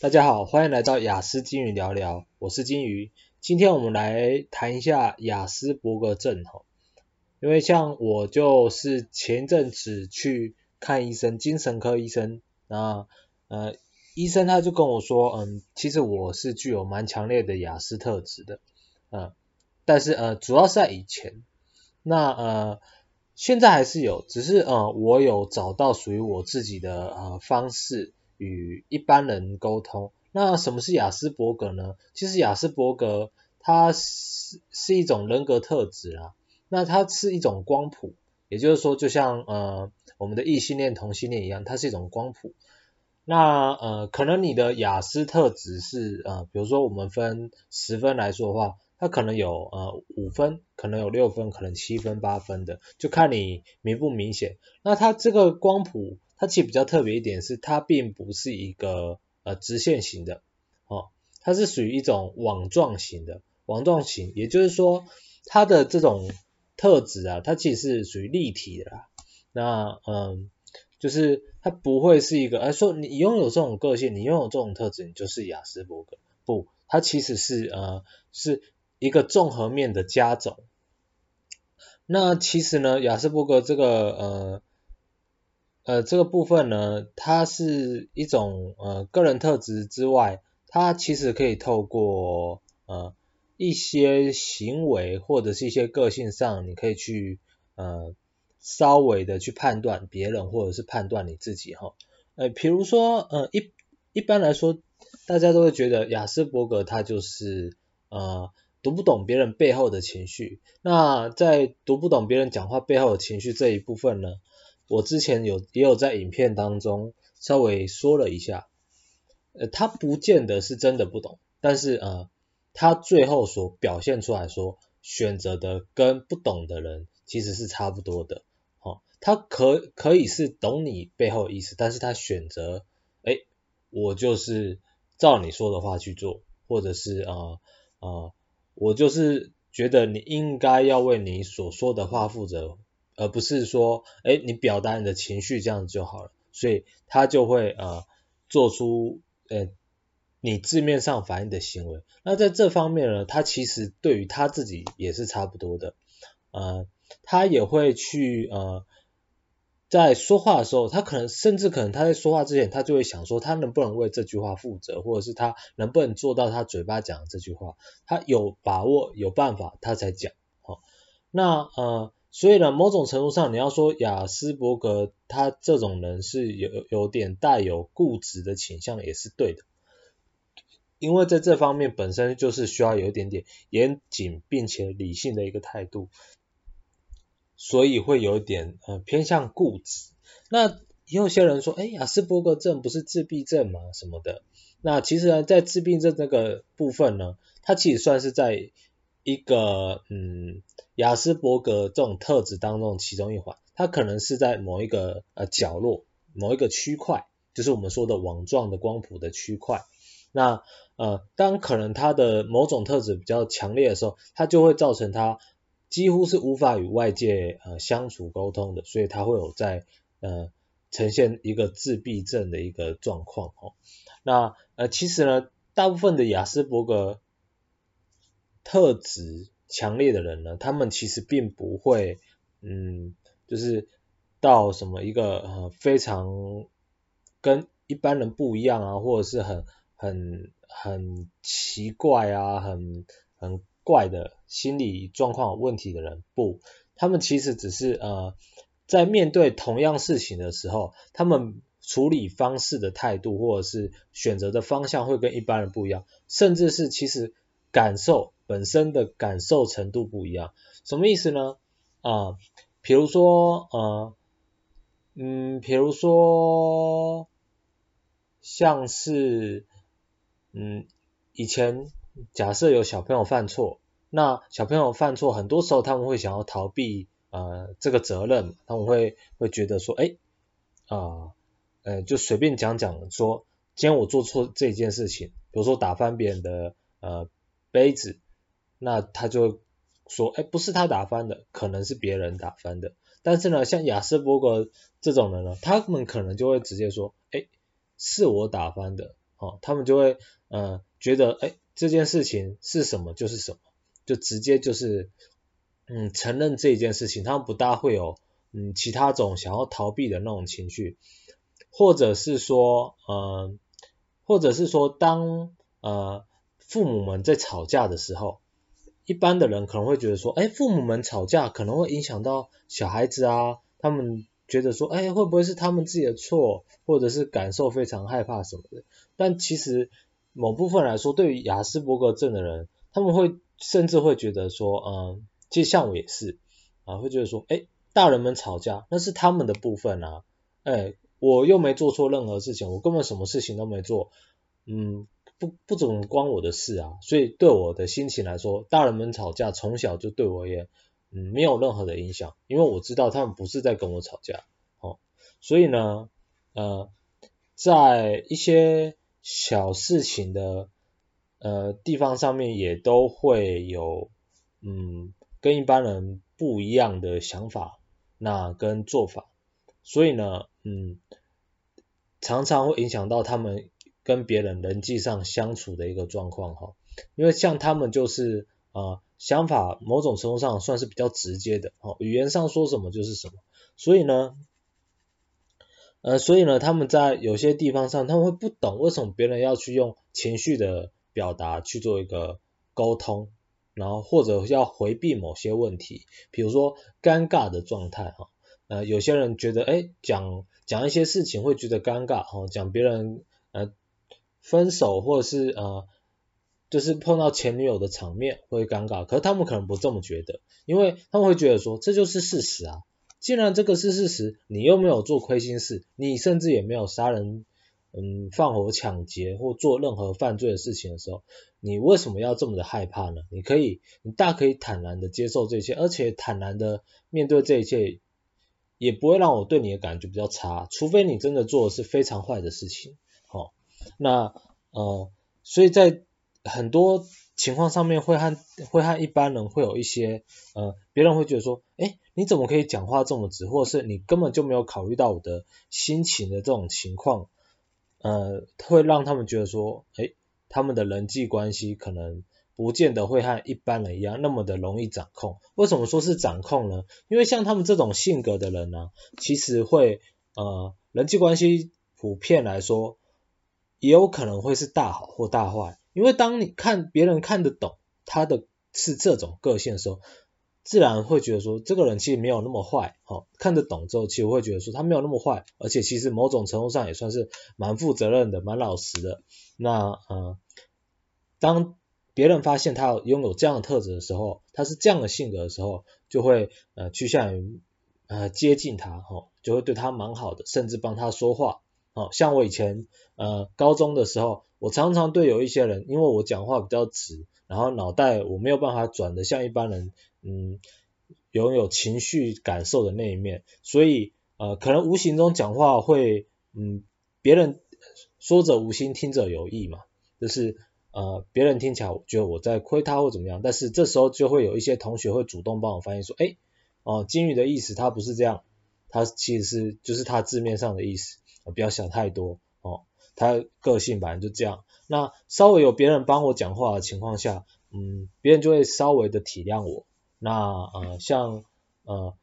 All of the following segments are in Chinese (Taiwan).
大家好，歡迎來到亞斯金魚聊聊，我是金魚。今天我們來談一下亞斯伯格症哈，因為像我就是前陣子去看醫生，精神科醫生，那呃、呃醫生他就跟我說，嗯，其實我是具有蠻強烈的亞斯特質的，嗯、呃，但是呃主要是在以前，那呃現在還是有，只是呃我有找到屬於我自己的呃方式。與一般人溝通，那什麼是亞斯伯格呢？其實亞斯伯格它是是一種人格特質啊，那它是一種光譜，也就是說，就像呃我們的異性戀、同性戀一樣，它是一種光譜。那呃可能你的亞斯特質是呃，比如說我們分十分來說的話，它可能有呃五分，可能有六分，可能七分、八分的，就看你明不明顯。那它這個光譜。它其實比較特別一點是，它並不是一個呃直線型的，哦，它是屬於一種網狀型的，網狀型，也就是說它的這種特質啊，它其實是屬於立體的啦。那嗯、呃，就是它不會是一個，哎，說你擁有這種個性，你擁有這種特質，你就是亞斯伯格，不，它其實是呃是一個綜合面的加種。那其實呢，亞斯伯格這個呃。呃，這個部分呢，它是一種呃個人特質之外，它其實可以透過呃一些行為或者是一些個性上，你可以去呃稍微的去判斷別人或者是判斷你自己哈。呃，比如說呃一一般來說，大家都會覺得亞斯伯格他就是呃讀不懂別人背後的情緒。那在讀不懂別人講話背後的情緒這一部分呢？我之前有也有在影片當中稍微說了一下，呃，他不見得是真的不懂，但是呃，他最後所表現出來說選擇的跟不懂的人其實是差不多的。好、哦，他可可以是懂你背後的意思，但是他選擇，誒，我就是照你說的話去做，或者是啊啊、呃呃，我就是覺得你應該要為你所說的話負責。而不是說，哎、欸，你表達你的情緒這樣子就好了，所以他就會呃做出呃、欸、你字面上反應的行為。那在這方面呢，他其實對於他自己也是差不多的，呃，他也會去呃在說話的時候，他可能甚至可能他在說話之前，他就會想說他能不能為這句話負責，或者是他能不能做到他嘴巴講的這句話，他有把握有辦法他才講。好、哦，那呃。所以呢，某種程度上，你要說亞斯伯格他這種人是有有點帶有固執的傾向，也是對的，因為在這方面本身就是需要有一點點嚴謹並且理性的一個態度，所以會有點呃偏向固執。那也有些人說，哎，亞斯伯格症不是自閉症嗎？什麼的？那其實呢，在自閉症這個部分呢，他其實算是在。一個嗯，亞斯伯格這種特質當中其中一環，它可能是在某一個呃角落，某一個區塊，就是我們說的網狀的光譜的區塊。那呃，當可能它的某種特質比較強烈的時候，它就會造成它幾乎是無法與外界呃相處溝通的，所以它會有在呃呈現一個自閉症的一個狀況哦。那呃，其實呢，大部分的亞斯伯格。特質強烈的人呢，他們其實並不會，嗯，就是到什麼一個，呃，非常跟一般人不一樣啊，或者是很很很奇怪啊，很很怪的心理狀況問題的人，不，他們其實只是呃在面對同樣事情的時候，他們處理方式的態度或者是選擇的方向會跟一般人不一樣，甚至是其實感受。本身的感受程度不一樣，什麼意思呢？啊、呃，比如說呃，嗯，比如說像是嗯，以前假設有小朋友犯錯，那小朋友犯錯很多時候他們會想要逃避呃這個責任，他們會會覺得說，哎，啊，呃，欸、就隨便講講說，今天我做錯這件事情，比如說打翻別人的呃杯子。那他就說，哎，不是他打翻的，可能是別人打翻的。但是呢，像亞斯伯格這種人呢，他們可能就會直接說，哎，是我打翻的，哦，他們就會，呃，覺得，哎，這件事情是什麼就是什麼，就直接就是，嗯，承認這一件事情，他們不大會有，嗯，其他種想要逃避的那種情緒，或者是說，嗯，呃，或者是說，當，呃，父母們在吵架的時候。一般的人可能會覺得說，哎，父母們吵架可能會影響到小孩子啊，他們覺得說，哎，會不會是他們自己的錯，或者是感受非常害怕什麼的。但其實某部分來說，對於亞斯伯格症的人，他們會甚至會覺得說，嗯，其實像我也是啊，會覺得說，哎，大人們吵架那是他們的部分啊，哎，我又沒做錯任何事情，我根本什麼事情都沒做，嗯。不不怎麼關我的事啊，所以對我的心情來說，大人們吵架，從小就對我也嗯，沒有任何的影響，因為我知道他們不是在跟我吵架，哦。所以呢，呃，在一些小事情的呃，地方上面也都會有嗯，跟一般人不一樣的想法，那跟做法，所以呢，嗯，常常會影響到他們。跟別人人際上相處的一個狀況哈，因為像他們就是啊、呃，想法某種程度上算是比較直接的哦、呃，語言上說什麼就是什麼，所以呢，呃，所以呢，他們在有些地方上他們會不懂為什麼別人要去用情緒的表達去做一個溝通，然後或者要回避某些問題，比如說尷尬的狀態哈，呃，有些人覺得哎，講、欸、講一些事情會覺得尷尬哈，講別人呃。分手或者是呃，就是碰到前女友的場面會尷尬，可是他們可能不這麼覺得，因為他們會覺得說這就是事實啊。既然這個是事實，你又沒有做虧心事，你甚至也沒有殺人，嗯，放火搶劫或做任何犯罪的事情的時候，你為什麼要這麼的害怕呢？你可以，你大可以坦然的接受這一切，而且坦然的面對這一切，也不會讓我對你的感覺比較差，除非你真的做的是非常壞的事情。那呃，所以在很多情況上面會和會和一般人會有一些呃，別人會覺得說，哎，你怎麼可以講話這麼直，或者是你根本就沒有考慮到我的心情的這種情況，呃，會讓他們覺得說，哎，他們的人際關係可能不見得會和一般人一樣那麼的容易掌控。為什麼說是掌控呢？因為像他們這種性格的人呢，其實會呃，人際關係普遍來說。也有可能會是大好或大壞，因為當你看別人看得懂他的是這種個性的時候，自然會覺得說這個人其實沒有那麼壞，哦，好看得懂之後，其實會覺得說他沒有那麼壞，而且其實某種程度上也算是蠻負責任的，蠻老實的。那嗯、呃，當別人發現他擁有這樣的特質的時候，他是這樣的性格的時候，就會呃趨向於呃接近他，哈，就會對他蠻好的，甚至幫他說話。哦，像我以前，呃，高中的時候，我常常對有一些人，因為我講話比較直，然後腦袋我沒有辦法轉得像一般人，嗯，擁有情緒感受的那一面，所以，呃，可能無形中講話會，嗯，別人說者無心，聽者有意嘛，就是，呃，別人聽起來我覺得我在虧他或怎麼樣，但是這時候就會有一些同學會主動幫我翻譯說，哎，哦，呃，金魚的意思它不是這樣，它其實是就是它字面上的意思。不要想太多哦，他個性反正就這樣。那稍微有別人幫我講話的情況下，嗯，別人就會稍微的體諒我。那呃，像呃，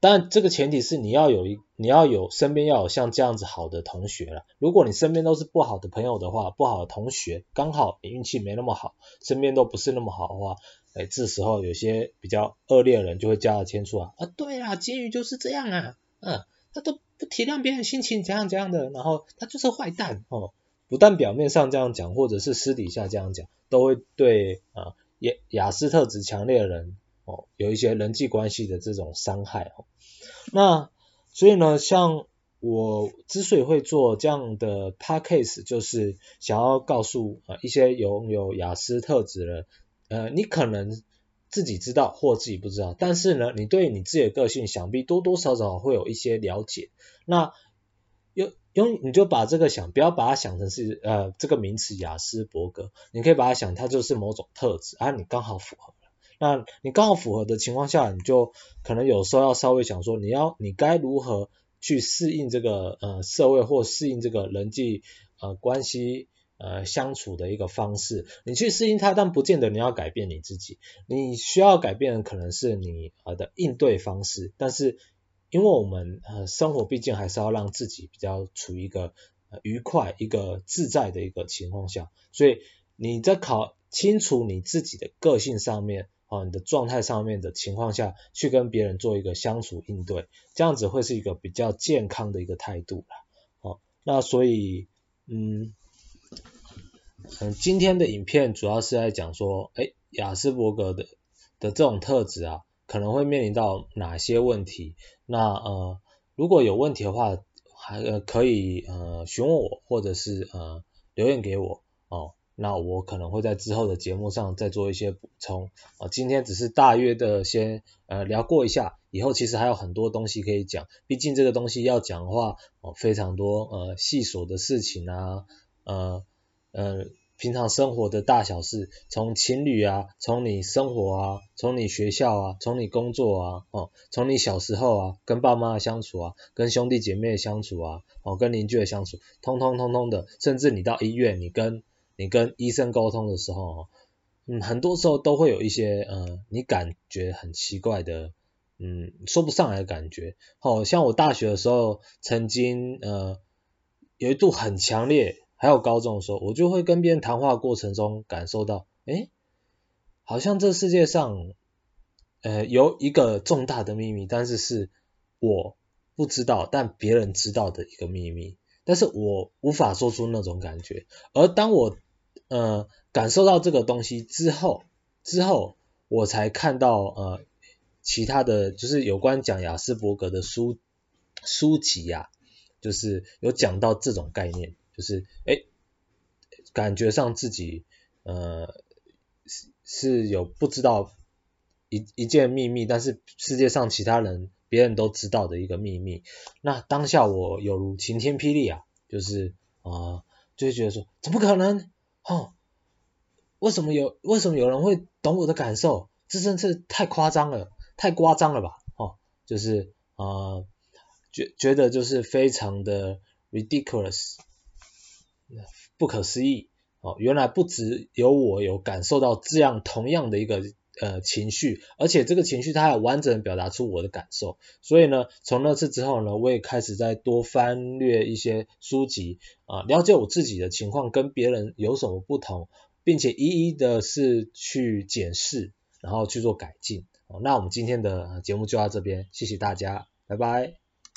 但這個前提是你要有一，你要有身邊要有像這樣子好的同學了。如果你身邊都是不好的朋友的話，不好的同學，剛好你運氣沒那麼好，身邊都不是那麼好的話，誒、欸，這時候有些比較惡劣的人就會加了天出啊。啊，對啦，金魚就是這樣啊，嗯，他都。就體諒別人心情怎樣怎樣的，然後他就是壞蛋哦。不但表面上這樣講，或者是私底下這樣講，都會對啊，亞亞斯特質強烈的人哦，有一些人際關係的這種傷害哦。那所以呢，像我之所以會做這樣的 podcast，就是想要告訴啊一些擁有，有亞斯特質的人，呃，你可能。自己知道或自己不知道，但是呢，你對你自己的個性，想必多多少少會有一些了解。那用用你就把這個想，不要把它想成是呃這個名詞亞斯伯格，你可以把它想，它就是某種特質啊，你剛好符合。那你剛好符合的情況下，你就可能有時候要稍微想說，你要你該如何去適應這個呃社會或適應這個人際呃關係。呃，相處的一個方式，你去適應它，但不見得你要改變你自己。你需要改變的可能是你的應對方式。但是，因為我們呃，生活畢竟還是要讓自己比較處於一個、呃、愉快、一個自在的一個情況下，所以你在考清楚你自己的個性上面啊、哦，你的狀態上面的情況下去跟別人做一個相處應對，這樣子會是一個比較健康的一個態度了。好、哦，那所以，嗯。嗯、今天的影片主要是來講說，誒，亞斯伯格的的這種特質啊，可能會面臨到哪些問題？那呃，如果有問題的話，還、呃、可以呃詢問我，或者是呃留言給我哦、呃。那我可能會在之後的節目上再做一些補充。哦、呃，今天只是大約的先呃聊過一下，以後其實還有很多東西可以講。畢竟這個東西要講的話，哦、呃，非常多呃細瑣的事情啊，呃呃。平常生活的大小事，從情侶啊，從你生活啊，從你學校啊，從你工作啊，哦，從你小時候啊，跟爸媽的相處啊，跟兄弟姐妹的相處啊，哦，跟鄰居的相處，通通通通的，甚至你到醫院，你跟你跟醫生溝通的時候，嗯，很多時候都會有一些，嗯、呃，你感覺很奇怪的，嗯，說不上來的感覺，好、哦、像我大學的時候曾經，嗯、呃，有一度很強烈。還有高中的時候，我就會跟別人談話過程中感受到，哎，好像這世界上，呃，有一個重大的秘密，但是是我不知道，但別人知道的一個秘密，但是我無法說出那種感覺。而當我呃感受到這個東西之後，之後我才看到呃，其他的就是有關講亞斯伯格的書書籍呀、啊，就是有講到這種概念。就是，哎、欸，感覺上自己，呃，是是有不知道一一件秘密，但是世界上其他人別人都知道的一個秘密。那當下我有如晴天霹靂啊，就是啊、呃，就會覺得說，怎麼可能？哦，為什麼有為什麼有人會懂我的感受？這真是太誇張了，太誇張了吧？哦，就是啊，覺、呃、覺得就是非常的 ridiculous。不可思議哦，原來不只有我有感受到這樣同樣的一個呃情緒，而且這個情緒它還完整表達出我的感受。所以呢，從那次之後呢，我也開始再多翻閱一些書籍啊、呃，了解我自己的情況跟別人有什麼不同，並且一一的是去檢視，然後去做改進、哦。那我們今天的節目就到這邊，謝謝大家，拜拜。